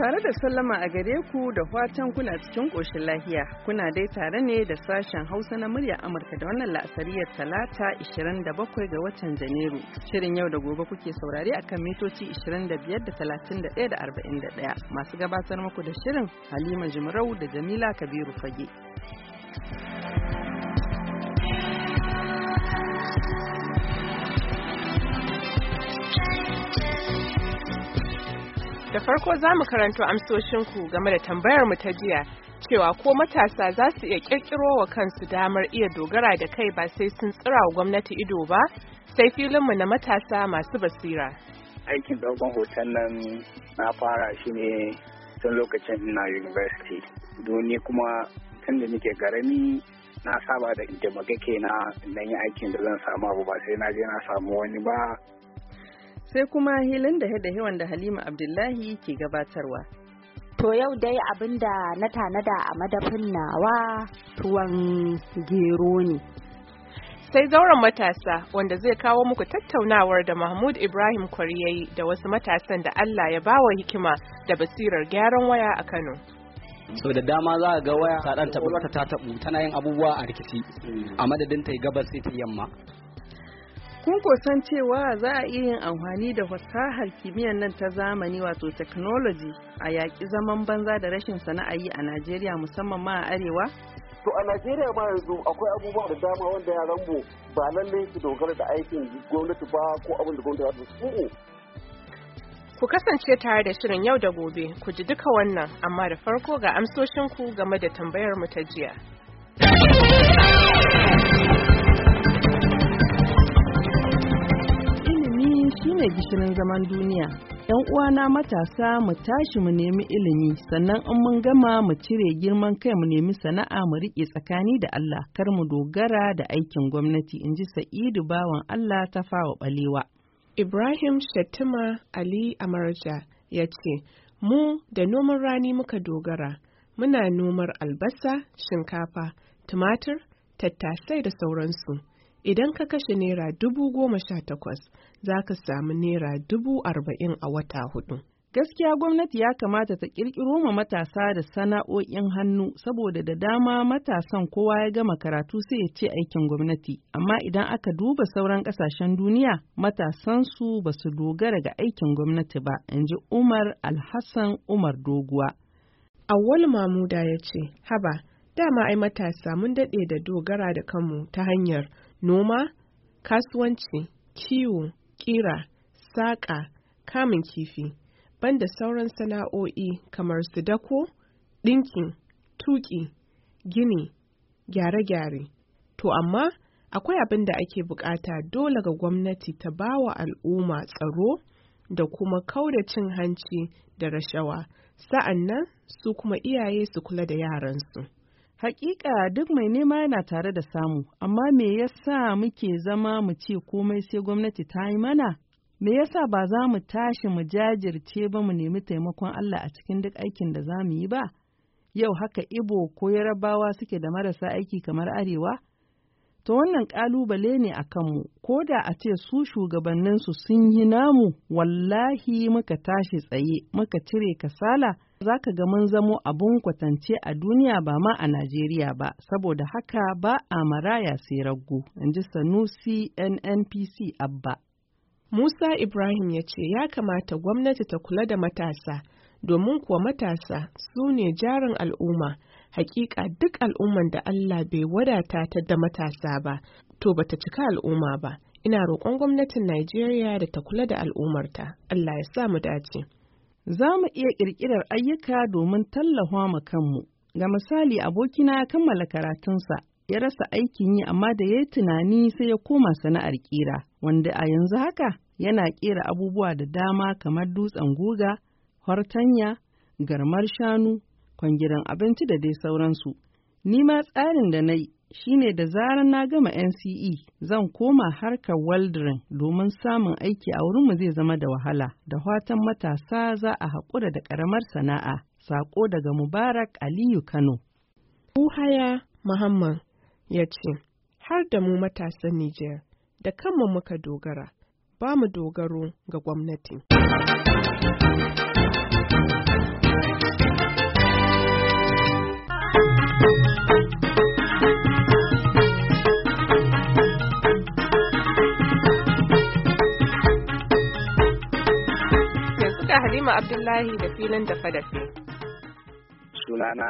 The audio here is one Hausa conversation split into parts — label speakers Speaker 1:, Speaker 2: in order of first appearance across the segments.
Speaker 1: tare da sallama a gare ku da fatan kuna cikin ƙoshin lahiya kuna dai tare ne da sashen hausa na murya amurka da wannan la'asariyar talata 27 ga watan janairu shirin yau da gobe kuke saurari a kan mitoci 25 da 31 da 41 masu gabatar muku da shirin halima jimarau da jamila kabiru fage
Speaker 2: Da farko za mu karanto amsoshinku game da tambayar mu ta jiya cewa ko matasa za su iya kirkiro wa kansu damar iya dogara da kai ba sai sun tsira wa gwamnati ido ba sai filinmu na matasa masu basira.
Speaker 3: Aikin ɗaukan hoton nan na fara shi ne tun lokacin na university. Doni kuma tun da nake garami na saba da jama'a ke na yi aikin da zan samu abu ba sai na je na samu wani ba
Speaker 1: sai kuma hilin da da hewan da Halima Abdullahi ke gabatarwa.
Speaker 4: To yau dai abin da na tanada a madafin nawa tuwon gero ne.
Speaker 2: Sai zauren matasa wanda zai kawo muku tattaunawar da Mahmud Ibrahim Kwariyayi da wasu matasan da Allah ya bawa hikima da basirar gyaran waya a Kano.
Speaker 5: sau da dama za ga waya ta ta tabu tana yin abubuwa a rikici a madadin ta gabas sai ta yamma
Speaker 1: Kun san cewa za a iya yin amfani da fasahar kimiyyar nan ta zamani wato technology a yaƙi zaman banza da rashin sana'a yi a Najeriya musamman ma
Speaker 6: a Arewa? To a Najeriya ma yanzu akwai abubuwa da dama wanda ya rambo ba lallai su dogara da aikin gwamnati ba ko abin da gwamnati za su
Speaker 2: Ku kasance tare da shirin yau da gobe ku ji duka wannan amma da farko ga amsoshinku game da tambayar
Speaker 1: mu ta jiya. shine gishirin zaman duniya. ‘Yan uwana matasa mu tashi mu nemi ilimi, sannan in mun gama mu cire girman kai mu nemi sana'a mu riƙe tsakani da Allah, kar mu dogara da aikin gwamnati, in ji Sa'idu bawan Allah ta fawa ɓalewa. Ibrahim Shattima Ali Amarja
Speaker 2: ya ce, Mu da noman rani muka dogara, muna nomar albasa, shinkafa, tumatir, tattasai da sauransu. Idan ka kashe
Speaker 1: Naira dubu goma sha takwas, za ka samu Naira dubu arba'in a wata hudu. Gaskiya gwamnati ya kamata ta ƙirƙiro ma matasa da sana'o'in hannu saboda da dama matasan kowa ya gama karatu sai ya ce aikin gwamnati. Amma idan aka duba sauran ƙasashen duniya, matasansu ba su dogara ga aikin gwamnati ba, in ji Umar Alhassan Umar Doguwa. Awwal Mamuda ya ce, Haba,
Speaker 2: dama ai matasa mun daɗe da dogara da kanmu ta hanyar noma, kasuwanci, kiwo, ƙira, saƙa, kamun kifi, banda sauran sana'o'i kamar su dako, ɗinki, tuƙi, gini, gyare-gyare. To amma akwai abin da ake buƙata dole ga gwamnati ta ba wa al'umma tsaro da kuma kauda cin
Speaker 1: hanci da rashawa, sa'annan su kuma iyaye su kula da yaransu. Hakika duk mai nema yana tare da samu, amma me yasa muke zama mu ce komai sai gwamnati ta yi mana? Me yasa ba za mu tashi mu jajirce ba mu nemi taimakon Allah a cikin duk aikin da za mu yi ba? Yau haka Ibo ko Yarabawa suke da marasa aiki kamar Arewa? To wannan ƙalubale ne a kanmu, ko da a ce su shugabanninsu sun yi namu, wallahi muka tashi tsaye, muka cire kasala. za ka ga mun zamo abun kwatance a duniya ba ma a Najeriya ba, saboda haka ba a maraya sai raggo, in ji Sanusi NNPC Abba. Musa Ibrahim ya ce ya kamata gwamnati ta kula
Speaker 2: da matasa, domin kuwa matasa su ne jarin al'umma. Hakika duk al'umman da Allah bai wadata ta da matasa ba, to ba ta cika al'umma ba. Ina roƙon gwamnatin Najeriya da ta kula da al'ummarta. Allah ya sa mu dace.
Speaker 1: Za mu iya ƙirƙirar ayyuka domin tallafa ma kanmu. Ga misali abokina ya kammala karatunsa ya rasa aikin yi amma da ya yi tunani sai ya koma sana'ar ƙira wanda a yanzu haka yana ƙera abubuwa da dama kamar dutsen guga, hortanya, garmar shanu, kwangiran abinci da dai sauransu. Ni ma tsarin da na yi shine da zarar na gama NCE zan koma harkar weldering domin samun aiki a wurinmu zai zama da wahala da watan matasa za a haƙura da ƙaramar sana'a saƙo daga Mubarak Aliyu Kano. Uhaya Muhammad ya ce, har da mu matasan Nijar,
Speaker 2: da kanmu muka dogara, ba mu dogaro ga gwamnati. Halima Abdullahi da filin da fadafi.
Speaker 3: Sunana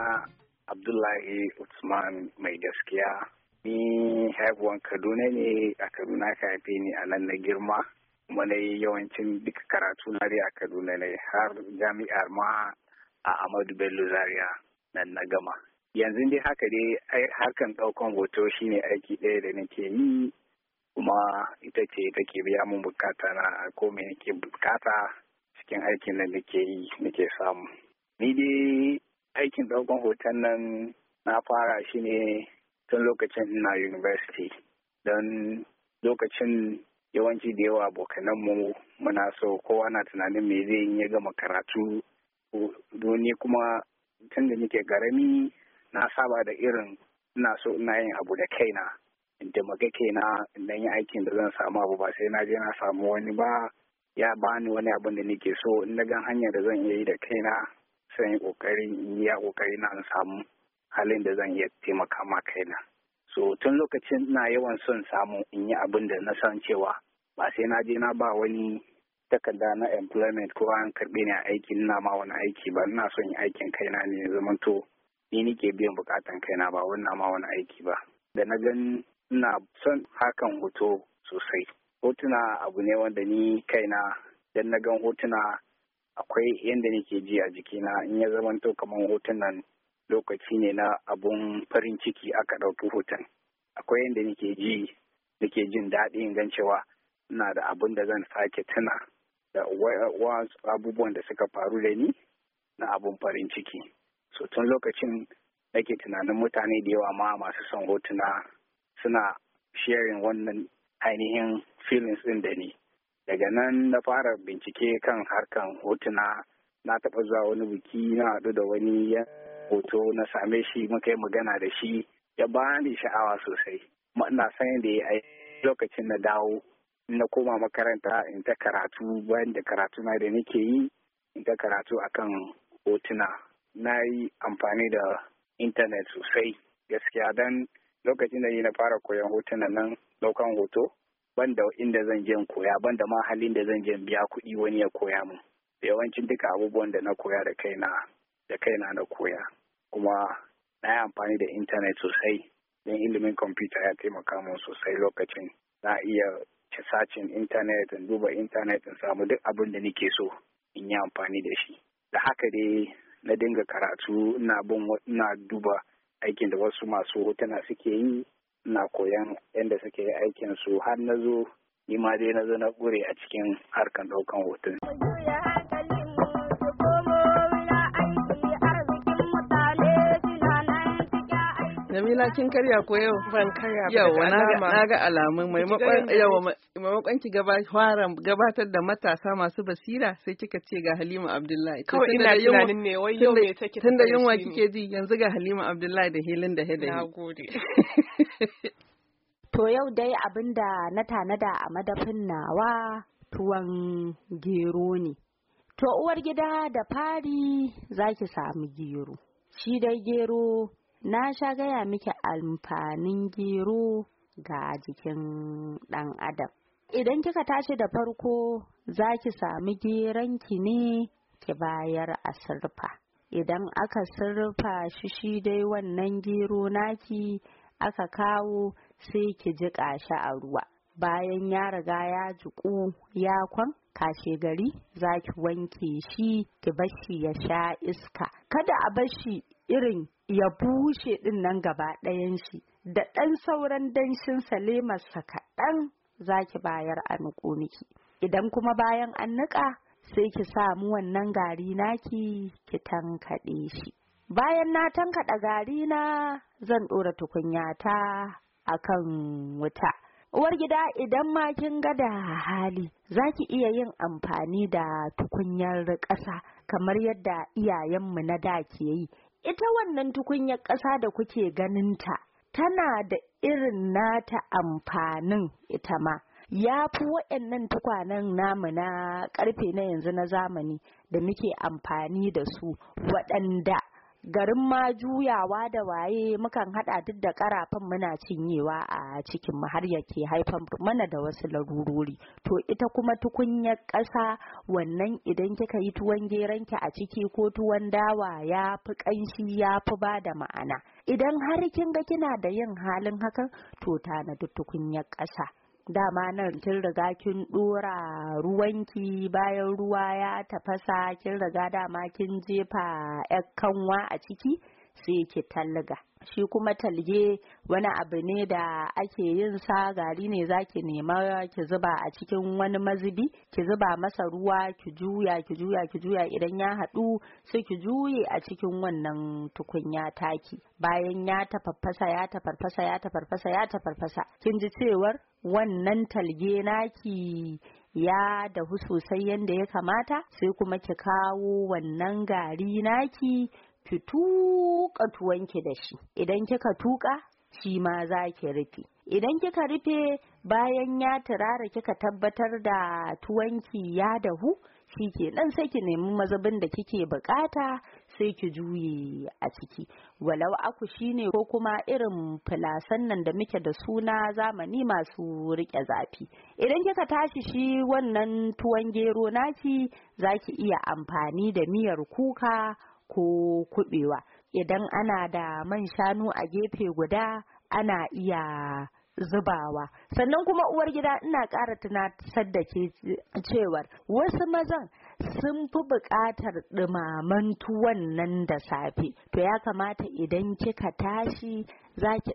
Speaker 3: Abdullahi Usman mai gaskiya. Ni haihuwan Kaduna ne a Kaduna ka haife ni a nan na girma. Kuma na yi yawancin duk karatu na a Kaduna ne har jami'ar ma a Amadu Bello Zaria nan na gama. Yanzu dai haka dai harkan ɗaukan hoto shine aiki ɗaya da nake yi kuma ita ce take biya mun bukata na ko me nake bukata cikin aikin da nake yi nake samu. Ni dai aikin ɗaukan hoton nan na fara shi ne tun lokacin na university don lokacin yawanci da yawa abokananmu muna so kowa na tunanin me zai ya gama karatu ni kuma tun da nake garami na saba da irin ina so ina yin abu da kaina in taimaka kaina in yi aikin da zan samu abu ba sai na je na samu wani ba ya bani wani abin da nake so in na gan hanyar da zan iya yi da kaina sai kokari in ya kokari na samu halin da zan iya taimaka ma kaina so tun lokacin na yawan son samu in yi abin da na san cewa ba sai na je na ba wani takarda na employment ko an karbe ni a aiki ina ma wani aiki ba ina son yi aikin kaina ne to ni nike biyan bukatan kaina ba na ma wani aiki ba da na gan ina son hakan hoto sosai hotuna abu ne wanda ni kaina dan na gan hotuna akwai yadda nake ji a jikina in ya zamanto kamar hotunan lokaci ne na abun farin ciki aka ɗauki hoton akwai yadda nake ji nake jin daɗi gan cewa ina da abun da zan sake tuna da wasu abubuwan da suka faru da ni na abun farin ciki so tun lokacin nake tunanin mutane da yawa ma masu son hotuna suna sharing wannan ainihin filins ɗin da ni daga nan na fara bincike kan harkan hotuna na taɓa zuwa wani biki na haɗu da wani hoto na same shi muka yi magana da shi ya bani sha'awa sosai kuma ina yadda ya yi lokacin na dawo na koma makaranta in ta karatu bayan da karatu na da nake yi in ta karatu akan hotuna na yi amfani da intanet sosai gaskiya don lokacin da yi na fara koyon hotunan nan ɗaukan hoto da inda zan je koya banda ma halin da zan je biya kuɗi wani ya koya mu yawancin duka abubuwan da na koya da kaina da kaina na koya kuma na yi amfani da intanet sosai don ilimin kwamfuta ya taimaka min sosai lokacin na iya sacin intanet in duba intanet in samu duk abin da nake so in yi amfani da shi da haka dai na dinga karatu ina bin ina duba aikin da wasu masu hotuna suke yi na koyan yadda suke aikin su har na zo ni ma dai na zo na ƙure a cikin harkan ɗaukan hoton.
Speaker 1: na kin karya ko yau? Ban karya ba. Yawa na ga alamun maimakon ki gabatar da matasa masu basira sai kika ce ga Halima Abdullahi. Kawai ina tunanin
Speaker 4: ne wai yau me take tunda yunwa kike
Speaker 1: ji yanzu ga Halima Abdullahi da Helin da Hedari. Nagode.
Speaker 4: To yau dai abinda na tanada a madafin nawa tuwon gero ne. To uwar gida da fari za ki samu gero. Shi dai gero na sha gaya miki amfanin gero ga jikin ɗan adam idan kika tashi da farko za ki sami ki ne ki bayar a sirfa idan aka sirfa shi shi dai wannan gero naki aka kawo sai ki jiƙa shi a ruwa bayan ya riga ya jiƙu ya kwan kashe gari za ki wanke shi ki bashi ya sha iska kada a bashi irin ya bushe din nan gaba ɗayan shi da ɗan sauran danshin salemarsa kaɗan za ki bayar a niƙo miki idan kuma bayan an niƙa sai ki samu wannan gari naki ki tankaɗe shi bayan na tankaɗa gari na zan ɗora tukunyata a kan wuta uwar gida idan ma kin ga da hali za ki iya yin amfani da tukunyar ƙasa kamar yadda iyayenmu na da ke yi ita wannan tukunyar ƙasa da kuke ganin ta tana da irin nata amfanin ita ma ya fi waɗannan tukwanen namu na ƙarfe na yanzu na zamani da muke amfani da su waɗanda garin ma juyawa da waye mukan hada duk da karafin muna cinyewa a cikin mu har yake haifan mana da wasu larurori to ita kuma tukunyar ƙasa wannan idan kika yi tuwon geron ki a ciki ko tuwon dawa ya fi ƙanshi ya fi ba da ma'ana idan har kin ga kina da yin halin hakan to tanadi tukunyar ƙasa dama nan kin riga kin dora ruwanki bayan ruwa ya tafasa kin riga dama kin jefa kanwa a ciki sai yake talga shi kuma talge wani abu ne da ake yin sa gari ne zaki nema ki zuba a cikin wani mazubi ki zuba masa ruwa ki juya ki juya ki juya idan ya haɗu sai ki juye a cikin wannan tukunya taki bayan ya tafarfasa ya tafarfasa ya tafarfasa ya tafarfasa kin ji cewar wannan talge naki ya dahu sosai yadda ya kamata sai kuma ki kawo wannan gari naki ki tuƙa tuwanki da shi idan kika tuƙa shi ma za ki rufe idan kika rufe bayan ya turara kika tabbatar da tuwanki ya dahu shi ke nan sai ki nemi mazabin da kike bukata sai ki juye a ciki walau aku ne ko kuma irin filasan nan da muke da suna zamani masu rike zafi idan kika tashi shi wannan tuwon gero naki zaki iya amfani da miyar kuka ko kuɓewa idan ana da man shanu a gefe guda ana iya zubawa sannan kuma uwar gida ina ƙara tunatar da ke cewar wasu mazan sun fi bukatar ɗumaman tuwon nan da safe to ya kamata idan kika tashi za ki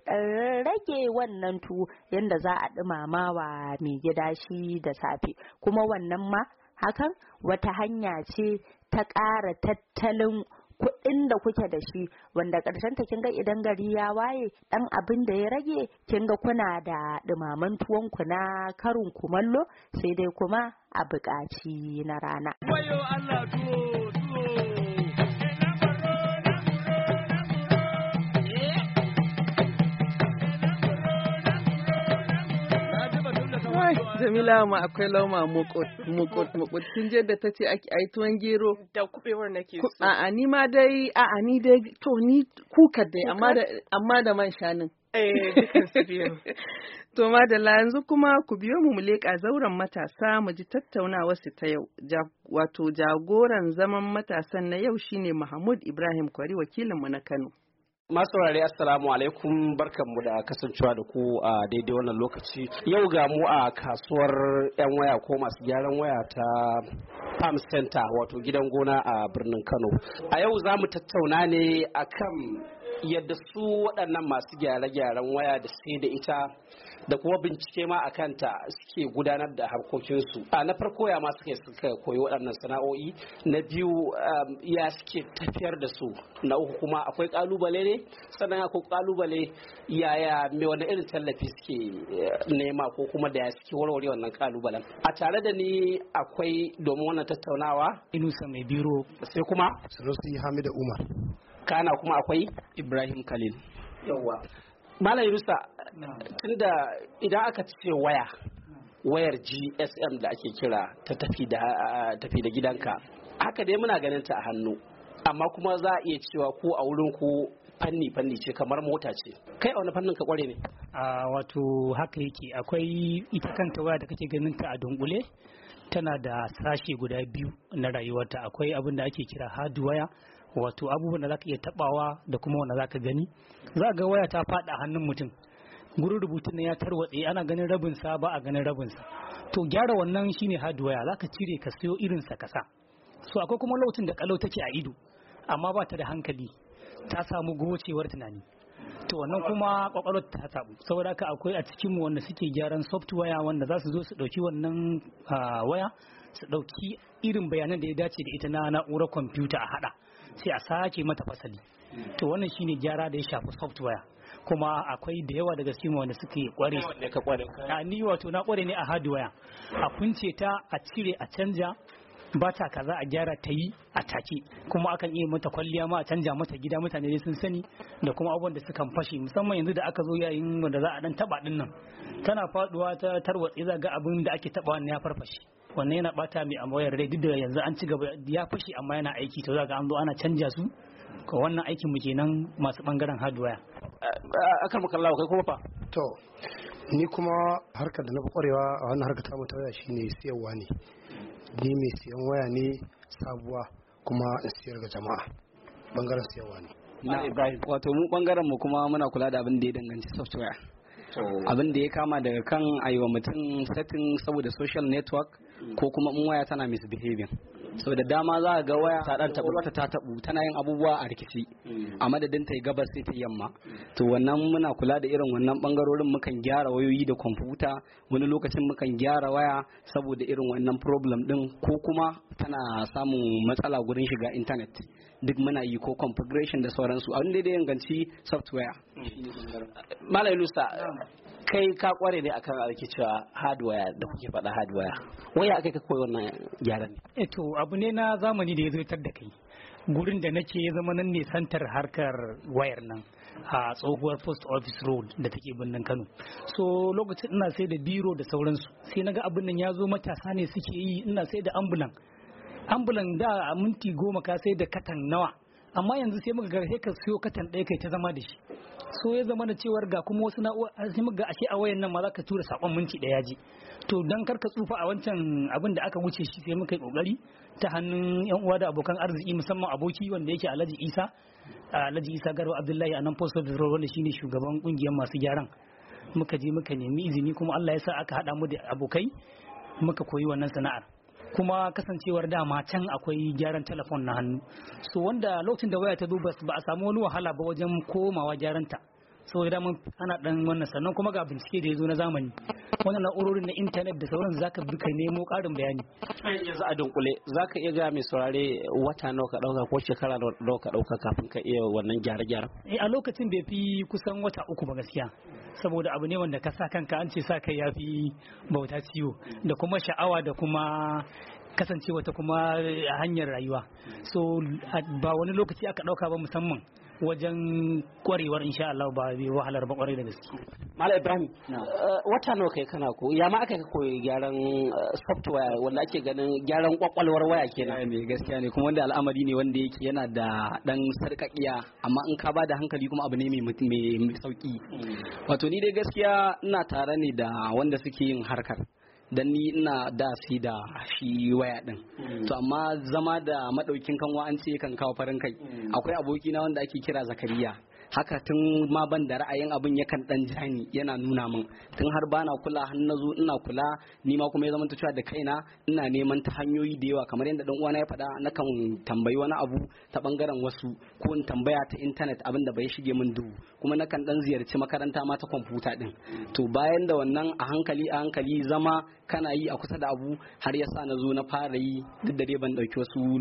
Speaker 4: rage wannan tuwo yadda za a ɗumama wa mai gida shi da safe kuma wannan ma hakan wata hanya ce ta ƙara tattalin kuɗin da kuke da shi wanda ƙarshen ta kin ga idan gari ya waye ɗan abin da ya rage kin ga kuna da dumaman tuwon ku na karin kumallo sai dai kuma a buƙaci na rana. Wayo Allah tuwo.
Speaker 1: Jamila ma akwai lauma mukut kin je da tace ake ai tuwon gero da kubewar nake so a'a ni ma dai a'a ni dai to ni kuka dai amma da amma da man shanin eh To yanzu kuma ku biyo mu mu leƙa zauren matasa mu ji tattaunawa su ta yau. Wato jagoran zaman matasan na yau shine Mahmud Ibrahim Kwari wakilinmu na Kano.
Speaker 5: Masu rari assalamu alaikum barkanmu da kasancewa da ku a daidai wannan lokaci. Yau ga mu a kasuwar 'yan waya ko masu gyaran waya ta Farm Center wato gidan gona a birnin Kano. A yau za mu tattauna ne akan yadda su waɗannan masu gyare-gyaren waya da sai da ita da kuma bincike ma a kanta suke gudanar da harkokinsu a na farko ya ma suke suka koyi waɗannan sana'o'i na biyu um, ya suke tafiyar da su na uku kuma akwai ƙalubale ne sannan akwai kalubale yaya mai wani irin tallafi suke eh, nema ko kuma da ya suke warware wannan kalubalen a tare da ni akwai domin wannan tattaunawa inusa mai biro
Speaker 7: sai kuma sanusi hamida umar
Speaker 5: kana kuma akwai ibrahim khalil yawwa malam yunusa tunda idan aka ce waya wayar gsm da ake kira ta tafi da gidanka haka dai muna ganin ta a hannu amma kuma za a iya cewa ko a wurin ko fanni fanni ce kamar mota ce kai a wani fannin ka kware ne
Speaker 8: a wato haka yake akwai ita kanta waya da kake ganin ta a dunkule tana da sashe guda biyu na rayuwarta akwai abin da ake kira waya. wato abubuwan da zaka iya tabawa da kuma wanda zaka gani za ga waya ta fada hannun mutum gurin rubutun ya tarwatse ana ganin rabin sa ba a ganin rabin sa to gyara wannan shine hardware zaka cire ka siyo irin sa kasa so akwai kuma lautin da kalau take a ido amma ba ta da hankali ta samu gocewar tunani to wannan kuma kwakwalwar ta tabu saboda haka akwai a cikin mu wanda suke gyaran software wanda za su zo su dauki wannan ah, waya su dauki irin bayanan da ya dace da ita na na'urar kwamfuta a hada sai a sake mata fasali hmm. to wannan shine gyara da ya shafi software kuma akwai da yawa daga cikin wanda suke kware a ni wato na kware ne a hardware a kunce ta a cire a canja ba ta kaza a gyara ta yi a take kuma akan iya mata kwalliya ma a canja mata gida mutane dai sun sani da kuma abubuwan da sukan fashe musamman yanzu da aka zo yayin wanda za a dan taba din nan tana faduwa ta tarwatse za ga abin da ake taba ya farfashe wannan yana bata mai a wayar rai duk da yanzu an ci gaba ya fashe amma yana aiki to za an zo ana canja su ko wannan aikin mu kenan masu bangaren hardware
Speaker 5: kan makalla kai kuma fa
Speaker 8: to ni kuma
Speaker 7: harkar da na fi kwarewa a wannan harkar tamu ta waya shine siyarwa ne ni mai siyan waya ne sabuwa kuma in siyar ga jama'a bangaren siyarwa ne
Speaker 5: na Ibrahim wato mu bangaren mu kuma muna kula da abin da ya danganci software abin da ya kama daga kan ayiwa mutum setting saboda social network ko kuma in waya tana misbehaving so da dama za ga waya ta dan tabu ta tabu tana yin abubuwa a rikici mm. a madadin ta yi gabas sai ta yamma to wannan muna kula da irin wannan bangarorin mukan gyara wayoyi da kwamfuta wani lokacin mukan gyara waya saboda irin wannan problem din ko kuma tana samun matsala gurin shiga internet duk muna yi ko configuration da sauransu abin da ya inganci software
Speaker 8: mm.
Speaker 5: lusa kai ka kware ne akan ake hardware da kuke faɗa hardware
Speaker 8: waya akai ka koyi wannan gyaran ne eh to abu ne na zamani da ya zo da kai gurin da nake ya zama nan ne santar harkar wayar nan a tsohuwar post office road da take birnin kano so lokacin ina sai da biro da sauransu sai naga abin nan ya zo matasa ne suke yi ina sai da ambulan ambulan da a minti goma ka sai da katan nawa amma yanzu sai muka garhe ka siyo katan ɗaya kai ta zama da shi so ya zama da cewar ga kuma wasu na'ura sai muka ashe a wayan nan ma za ka tura sakon minti ɗaya ji to don karka tsufa a wancan abin da aka wuce shi sai muka yi kokari ta hannun yan uwa da abokan arziki musamman aboki wanda yake Alhaji Isa Alhaji Isa Garba Abdullahi a nan post office wanda shine shugaban kungiyar masu gyaran muka je muka nemi izini kuma Allah ya sa aka haɗa mu da abokai muka koyi wannan sana'ar kuma kasancewar dama can akwai gyaran telefon na hannu so wanda lokacin da waya ta zo ba a samu wani wahala ba wajen komawa gyaranta so dama ana dan wannan sannan kuma ga bincike da ya zo na zamani wannan na'urorin na intanet da sauran zaka bi ka nemo karin bayani
Speaker 5: yanzu a dunkule zaka iya ga mai saurare wata nawa ka dauka ko shekara nawa ka dauka kafin ka iya wannan gyare
Speaker 8: eh a lokacin bai fi kusan wata uku ba gaskiya saboda abu ne wanda ka sa kanka an ce sa kai ya fi bauta ciwo da kuma sha'awa da kuma kasancewa ta kuma hanyar rayuwa so ba wani lokaci aka dauka ba musamman wajen kwarewar insha Allah ba bi wahalar ba kwarai da gaske
Speaker 5: Malam Ibrahim eh, wata nawa kai kana ko ya ma aka koyi gyaran eh, software wanda ake ganin gyaran kwakwalwar waya kenan ne eh, gaskiya ne kuma wanda al'amari ne wanda yake yana da dan sarkakiya amma in ka bada hankali kuma abu ne mai sauki hmm. wato ni dai gaskiya ina tare ne da wanda suke yin harkar dan ni ina da si da shi waya din hmm. to amma zama da madaukin kanwa an ce kan kawo farin kai hmm. akwai aboki na wanda ake kira zakariya haka tun ma ban da ra'ayin abin yakan dan jani yana nuna min tun har bana kula har na zo ina kula ni ma kuma ya zama cewa da kaina ina neman ta hanyoyi da yawa kamar yadda dan uwana ya faɗa na kan tambayi wani abu ta bangaren wasu ko in tambaya ta intanet abin da bai shige min duhu kuma na kan dan ziyarci makaranta ma ta kwamfuta din to bayan da wannan a hankali a hankali zama kana yi a kusa da abu har ya sa na zo na fara yi duk da dai ban dauki wasu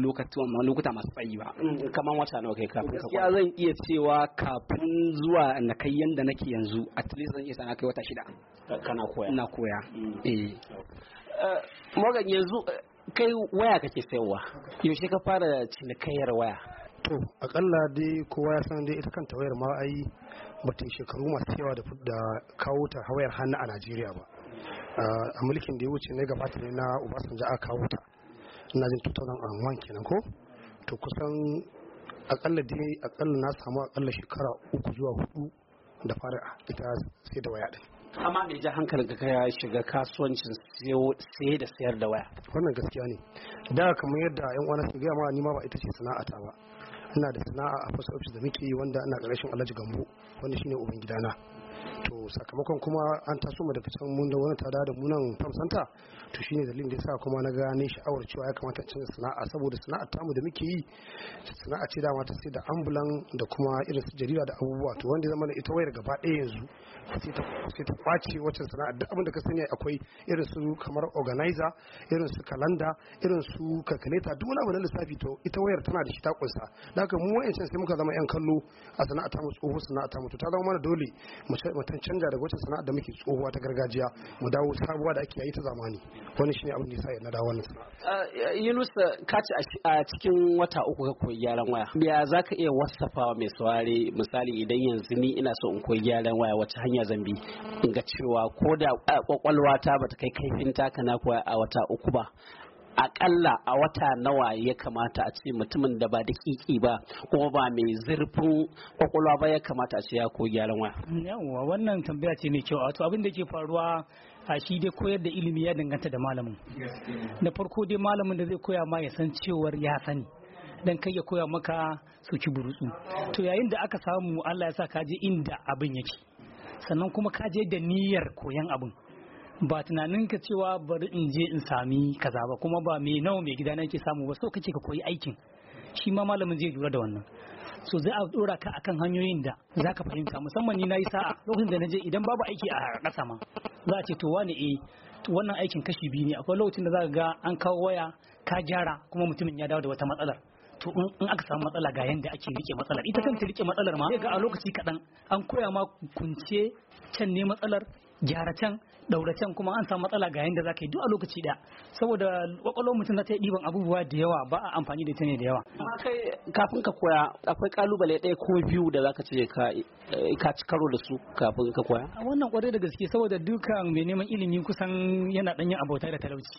Speaker 5: lokuta masu tsayi ba mm, kamar wata nawa kai kafin ka kwana zan iya cewa kafin zuwa na kai yanda nake yanzu at least zan iya sana kai wata shida kana koya na koya mm.
Speaker 7: eh.
Speaker 6: eh
Speaker 5: Morgan yanzu eh, kai waya kake sayarwa yaushe ka fara
Speaker 7: cinikayyar waya to akalla dai kowa ya san dai ita kanta wayar ma ai bata shekaru masu yawa da kawo ta wayar hannu a Najeriya ba a mulkin da ya wuce ne gabata ne na obasanjo aka kawo ta ina jin 2001 kenan ko to kusan akalla dai akalla na samu akalla shekara uku zuwa hudu da fara ita sai da waya din
Speaker 5: amma da ji hankalin ka ya shiga kasuwancin
Speaker 7: sai da sayar da waya wannan gaskiya ne da kamar yadda yan uwana su gaya ma ni ma ba ita ce sana'ata ba ina da sana'a a post office da muke yi wanda ana ƙarshen alhaji gambo wanda shine uban gidana to sakamakon kuma an taso mu da fitan mun da wani tada da munan nan to shine dalilin da yasa kuma na gane sha'awar cewa ya kamata cin sana'a saboda sana'ar tamu da muke yi sana'a ce dama ta sai da ambulan da kuma irin su jarida da abubuwa to wanda zama ita wayar gaba ɗaya yanzu sai ta kwace wacce sana'a duk abin da ka sani akwai irin su kamar organizer irin su kalanda irin su calculator duk wani abu na lissafi to ita wayar tana da shi ta kunsa da haka mu wa'ancan sai muka zama yan kallo a sana'a tamu tsoho sana'a tamu to ta zama mana dole mu kan canja daga wata sana'a da muke tsohuwa ta gargajiya mu dawo sabuwa da ake yi ta zamani wani shine abin da yasa na dawo wannan sana'a
Speaker 5: uh, uh, Yunus uh, ka ci a cikin wata uku ka koyi gyaran waya ya zaka iya wasafa mai saurare misali idan yanzu ni ina so in koyi gyaran waya wata hanya zan bi in ga cewa ko da kwakwalwa ta bata kai kaifin taka na koya a wata uku ba akalla a wata nawa ya kamata a ce mutumin da ba da kiki ba kuma ba mai zurfin kwakwalwa ba ya kamata a ce ya koyi gyaran
Speaker 8: waya wannan tambaya ce mai kyau wato abin da ke faruwa a shi dai koyar da ilimi ya danganta da malamin na farko dai malamin da zai koya ma ya san cewar ya sani dan kai ya koya maka soki burutsu to yayin da aka samu Allah ya sa ka je inda abin yake sannan kuma ka je da niyyar koyan abin ba tunanin ka cewa bari in je in sami kaza ba kuma ba mai nawa mai gida nake samu ba so kace ka koyi aikin shi ma malamin zai lura da wannan so zai a dora ka akan hanyoyin da zaka fahimta musamman ni na yi sa'a lokacin da na je idan babu aiki a ƙasa ma za a ce to wani eh wannan aikin kashi biyu ne akwai lokacin da za ga an kawo waya ka gyara kuma mutumin ya dawo da wata matsalar to in aka samu matsala ga yanda ake rike matsalar ita kanta rike matsalar ma ga a lokaci kaɗan an koya ma kunce can ne matsalar gyara can daura can kuma an samu matsala ga yanda zaka yi duk a lokaci da saboda kwakwalwar mutum za ta yi ɗiban abubuwa da yawa ba a amfani da ita ne da yawa kai kafin ka koya akwai kalubale ɗaya ko biyu da zaka ce eh, ka ci karo da su kafin ka koya wannan kwarai da gaske saboda dukan mai neman ilimi kusan yana ɗanyen abota da talauci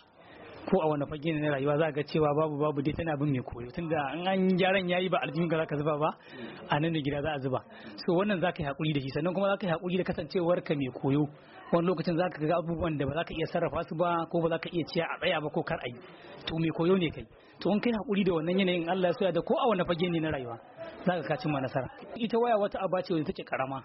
Speaker 8: ko a wani fage na rayuwa za ga cewa babu babu dai tana bin mai koyo tunda an an gyaran yayi ba aljihun ka zaka zuba ba a nan da gida za a zuba so wannan zaka yi hakuri da shi sannan kuma zaka yi hakuri da kasancewar ka mai koyo wani lokacin zaka ga abubuwan da ba zaka iya sarrafa su ba ko ba zaka iya ciya a tsaya ba ko kar a yi to mai koyo ne kai to in kai hakuri da wannan yanayin Allah ya soya da ko a wani fage ne na rayuwa zaka ka ma nasara ita waya wata aba ce wanda take karama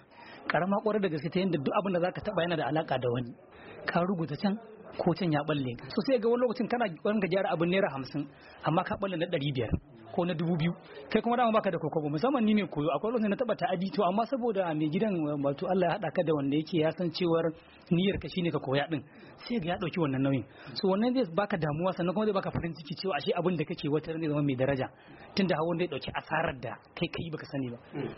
Speaker 8: karama kwarar da gaske ta yadda duk abin da zaka taba yana da alaka da wani ka rubuta can ko can ya balle so sai ga wani lokacin kana wanga gyara abin naira hamsin amma ka balle na ɗari biyar ko na dubu biyu kai kuma dama baka da kokobo musamman ni ne koyo akwai lokacin na taba aji to amma saboda mai gidan wato Allah ya haɗa ka da wanda yake ya san cewar niyyar ka shine ka koya din sai ga ya ɗauki wannan nauyin so wannan zai baka damuwa sannan kuma zai baka farin ciki cewa ashe abin da kake wata ne zama mai daraja tunda hawan zai ɗauki asarar da kai kai baka sani ba hmm.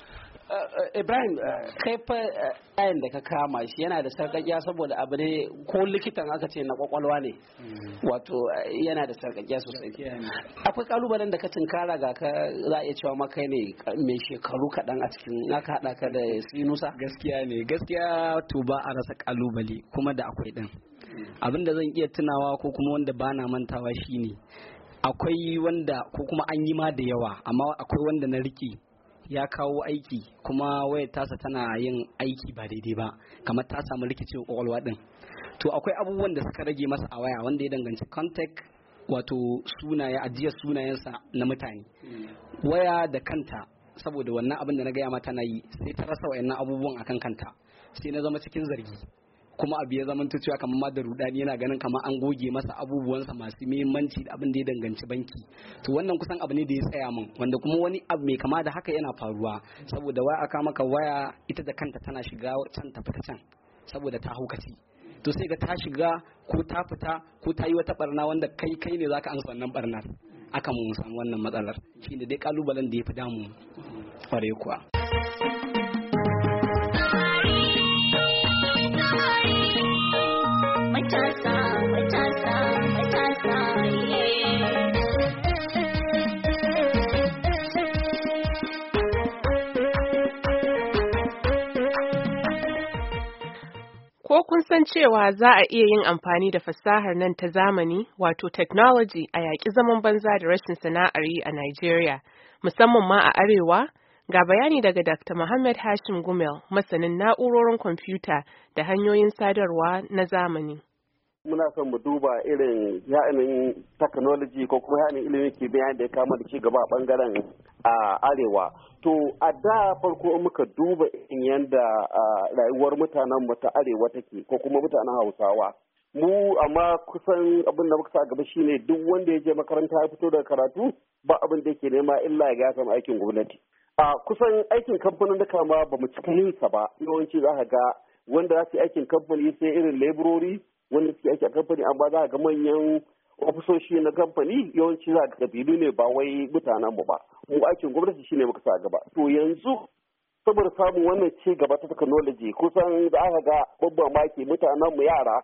Speaker 5: Eh, Ibrahim eh, kaifa eh, ayin da ka kama shi yana da sarƙaƙiya saboda abu ne ko likitan aka ce na kwakwalwa ne mm. wato yana da sarƙaƙiya sosai akwai kalubalen da ka tunkara ga ka za a iya cewa maka ne mai shekaru kaɗan a cikin ka haɗa ka da sinusa gaskiya ne gaskiya to ba a rasa kalubale kuma da akwai ɗin mm. abin da zan iya tunawa ko kuma wanda bana mantawa shine akwai wanda ko kuma an yi ma da yawa amma akwai wanda na riƙe ya kawo aiki kuma wayar tasa tana yin aiki ba daidai ba kamar ta samu rikici kwakwalwa din to akwai abubuwan da suka rage masa a waya wanda ya danganci contact wato sunaye ajiyar sunayensa na mutane hmm. waya da kanta saboda wannan abin da na gaya mata na yi sai ta rasa wayannan abubuwan akan kanta sai na zama cikin zargi kuma abu ya zama cewa kamar ma da rudani yana ganin kamar an goge masa abubuwansa masu muhimmanci da abin da ya danganci banki to wannan kusan abu ne da ya tsaya min wanda kuma wani abu mai kama da haka yana faruwa saboda waya aka maka waya ita da kanta tana shiga can ta fita can saboda ta haukaci to sai ga ta shiga ko ta fita ko ta yi wata barna wanda kai kai ne zaka amsa wannan barnar aka mun san wannan matsalar shi ne dai kalubalen da ya fi damu kware kuwa
Speaker 2: san cewa za a iya yin amfani da fasahar nan ta zamani wato technology a yaƙi zaman banza da rashin sana'ar yi a Najeriya, musamman ma a Arewa, ga bayani daga Dr. Muhammad Hashim Gumel, masanin na'urorin kwamfuta da hanyoyin sadarwa na zamani.
Speaker 6: muna son mu duba irin ya'anin technology ko kuma ya'anin ilimin kimiyya da ya kama da cigaba a bangaren a arewa to a da farko muka duba in yadda rayuwar mutanen mu ta arewa take ko kuma mutanen hausawa mu amma kusan abin da muka sa gaba shine duk wanda ya je makaranta ya fito daga karatu ba abin da yake nema illa ya samu aikin gwamnati a kusan aikin kamfanin da kama ba mu cika ba yawanci za ka ga wanda za su yi aikin kamfani sai irin laborori wanda suke aiki a kamfani amma za ga manyan ofisoshi na kamfani yawanci za ga kabilu ne ba wai mutanen mu ba mu aikin gwamnati shine muka sa gaba to yanzu saboda samun wannan ci gaba ta technology kusan za aka ga babban maki mutanen mu yara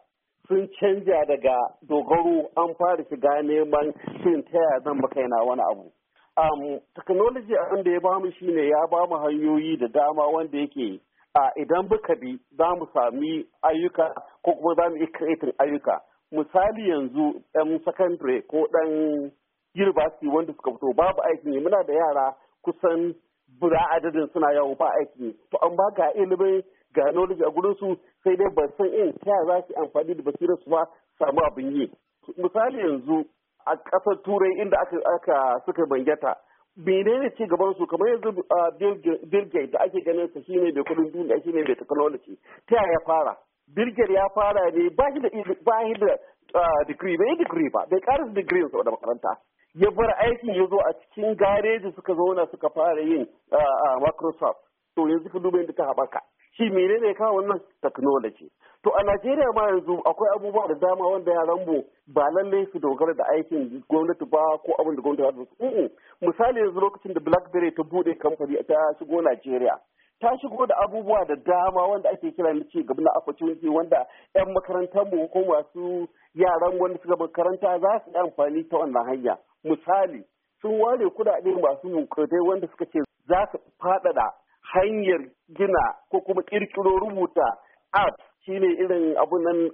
Speaker 6: sun canja daga dogaro an fara shiga neman shin ta yaya zan maka yana wani abu um, technology abin da ya bamu shine ya bamu hanyoyi da dama wanda yake A idan buka bi za mu sami ayyuka ko kuma za mu yi creating ayyuka misali yanzu ɗan secondary ko ɗan university wanda suka fito babu aikin yi muna da yara kusan bura adadin suna yawo ba aikin yi to an ba ga ilimin ga knowledge a gurin su sai dai ba san in ta za su amfani da basirar su ba samu abin yi misali yanzu a ƙasar turai inda aka suka bangeta menene ci gaban su kamar yanzu a da ake ganin sa shine mai kudin duniya shine mai technology ta yaya fara birgir ya fara ne ba shi da ba shi da degree bai degree ba bai karasa degree sa da makaranta ya bar aikin ya zo a cikin gareji suka zauna suka fara yin Microsoft to yanzu ka duba yadda ta haɓaka shi ne kawo wannan technology to a Najeriya ma yanzu akwai abubuwa da dama wanda yaran mu ba lallai su dogara da aikin gwamnati ba ko abin da gwamnati ba su misali yanzu lokacin da BlackBerry ta bude kamfani ta shigo Najeriya ta shigo da abubuwa da dama wanda ake kira na ci gaba na opportunity wanda 'yan makarantar mu ko masu yaran wanda suka makaranta za su yi amfani ta wannan hanya misali sun ware kudade masu mukatai wanda suka ce za su faɗaɗa hanyar gina ko kuma kirkiro rubuta app shine irin abun nan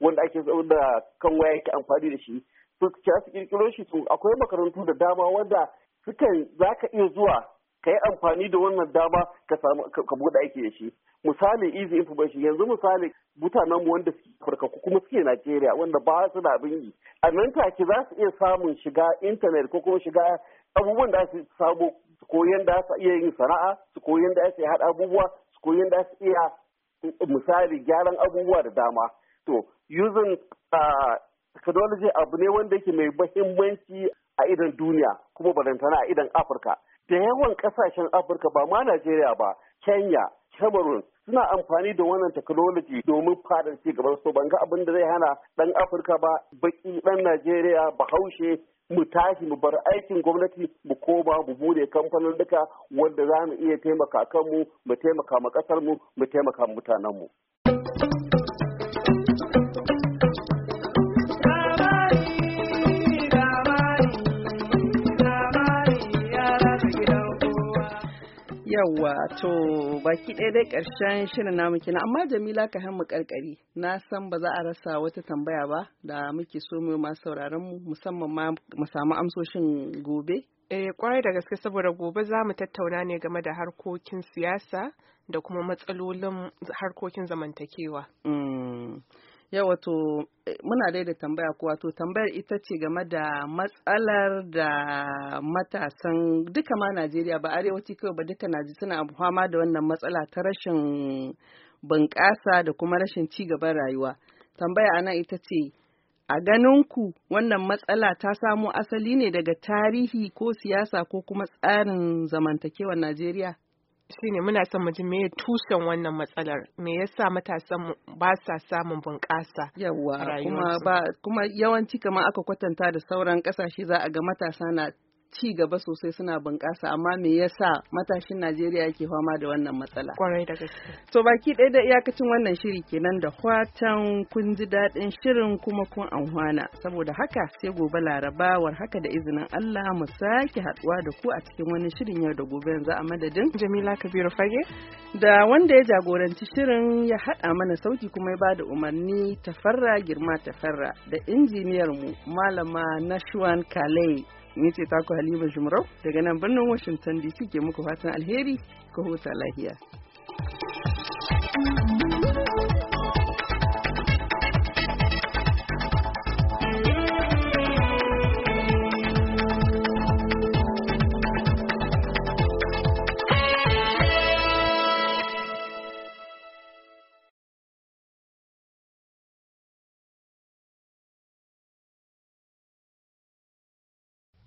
Speaker 6: wanda ake da kan waya yake amfani da shi su su kirkiro shi to akwai makarantu da dama wanda sukan za ka iya zuwa ka yi amfani da wannan dama ka samu ka buɗe aiki da shi misali easy information yanzu misali mutanen mu wanda suke farka kuma suke Najeriya wanda ba su da abin yi a nan take za su iya samun shiga intanet ko kuma shiga abubuwan da su samu. su koyi yadda su iya yin sana'a su koyi yadda su haɗa abubuwa su koyi yadda su iya misali gyaran abubuwa da dama to using technology abu ne wanda yake mai mahimmanci a idan duniya kuma balantana a idan afirka da yawan kasashen afirka ba ma najeriya ba kenya cameroon suna amfani da wannan technology domin fadar ci gaban su ban ga abin da zai hana dan Afirka ba baki dan Najeriya bahaushe mu tashi mu bar aikin gwamnati mu koma mu bude kamfanin duka wanda za mu iya taimaka kanmu mu taimaka ma kasar mu mu taimaka mutanenmu. mu
Speaker 1: Yawwa, to baki ɗaya dai ƙarshen shirin namu kenan amma Jamila ka mu karkari na san ba za a rasa wata tambaya ba da muke so mu masu sauraron mu musamman ma mu samu amsoshin gobe. Eh kwarai da gaske saboda gobe za mu tattauna ne game da harkokin siyasa da kuma matsalolin
Speaker 2: harkokin zamantakewa.
Speaker 1: Mm. Yau wato
Speaker 2: eh, muna dai da
Speaker 1: tambaya ko wato tambayar ita ce game da matsalar da matasan duka ma Najeriya ba arewaci kawai ba duka Najeriya suna fama da wannan matsala ta rashin bunƙasa da kuma rashin ci gaban rayuwa. Tambaya ana ita ce a ganinku wannan matsala ta samo asali ne daga tarihi ko siyasa ko kuma tsarin zamantakewar Najeriya? shine muna son mu ji me tushen wannan matsalar me yasa matasan ba sa samun bunƙasa yawa kuma yawanci kamar aka kwatanta da sauran ƙasashe za a ga matasa na ci gaba sosai suna bunƙasa amma me yasa matashin Najeriya yake fama da wannan matsala. Kwarai da gaske. To baki ɗaya da iyakacin wannan shiri kenan da watan kun ji daɗin shirin kuma kun anhwana saboda haka sai gobe laraba war haka da izinin Allah mu sake haɗuwa da ku a cikin wani shirin yau da gobe yanzu a madadin Jamila Kabiru Fage da wanda ya jagoranci shirin ya haɗa mana sauki kuma ya bada umarni tafarra girma tafarra da injiniyar mu malama Nashwan Kalei ni ce taku halima jumrau daga nan birnin washington dc ke muku fatan alheri ko huta lahiya